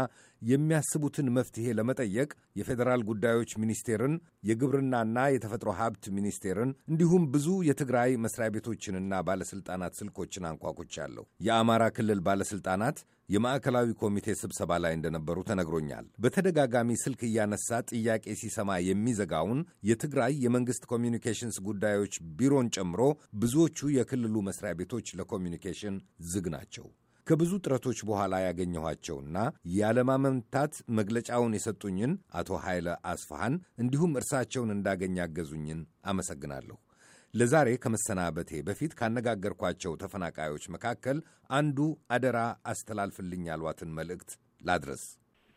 የሚያስቡትን መፍትሄ ለመጠየቅ የፌዴራል ጉዳዮች ሚኒስቴርን፣ የግብርናና የተፈጥሮ ሀብት ሚኒስቴርን እንዲሁም ብዙ የትግራይ መስሪያ ቤቶችንና ባለሥልጣናት ስልኮችን አንኳኩቻለሁ። የአማራ ክልል ባለሥልጣናት የማዕከላዊ ኮሚቴ ስብሰባ ላይ እንደነበሩ ተነግሮኛል። በተደጋጋሚ ስልክ እያነሳ ጥያቄ ሲሰማ የሚዘጋውን የትግራይ የመንግስት ኮሚኒኬሽንስ ጉዳዮች ቢሮን ጨምሮ ብዙዎቹ የክልሉ መስሪያ ቤቶች ለኮሚኒኬሽን ዝግ ናቸው። ከብዙ ጥረቶች በኋላ ያገኘኋቸውና ያለማመንታት መግለጫውን የሰጡኝን አቶ ኃይለ አስፋሃን እንዲሁም እርሳቸውን እንዳገኝ ያገዙኝን አመሰግናለሁ። ለዛሬ ከመሰናበቴ በፊት ካነጋገርኳቸው ተፈናቃዮች መካከል አንዱ አደራ አስተላልፍልኝ ያሏትን መልእክት ላድረስ።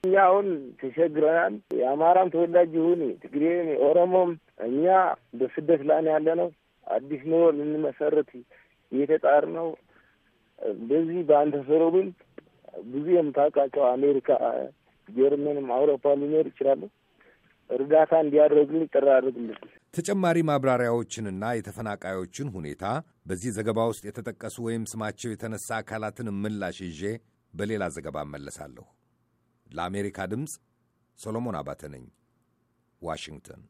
እኛ አሁን ተቸግረናል። የአማራም ተወላጅ ይሁን ትግሬም፣ ኦሮሞም እኛ በስደት ላይ ያለ ነው። አዲስ ኑሮ ልንመሰረት እየተጣር ነው። በዚህ በአንድ ሰሮብል ብዙ የምታውቃቸው አሜሪካ፣ ጀርመንም አውሮፓ ሊኖር ይችላሉ። እርዳታ እንዲያደርግልን ጥራ ተጨማሪ ማብራሪያዎችንና የተፈናቃዮችን ሁኔታ በዚህ ዘገባ ውስጥ የተጠቀሱ ወይም ስማቸው የተነሳ አካላትን ምላሽ ይዤ በሌላ ዘገባ እመለሳለሁ። ለአሜሪካ ድምፅ ሰሎሞን አባተ ነኝ፣ ዋሽንግተን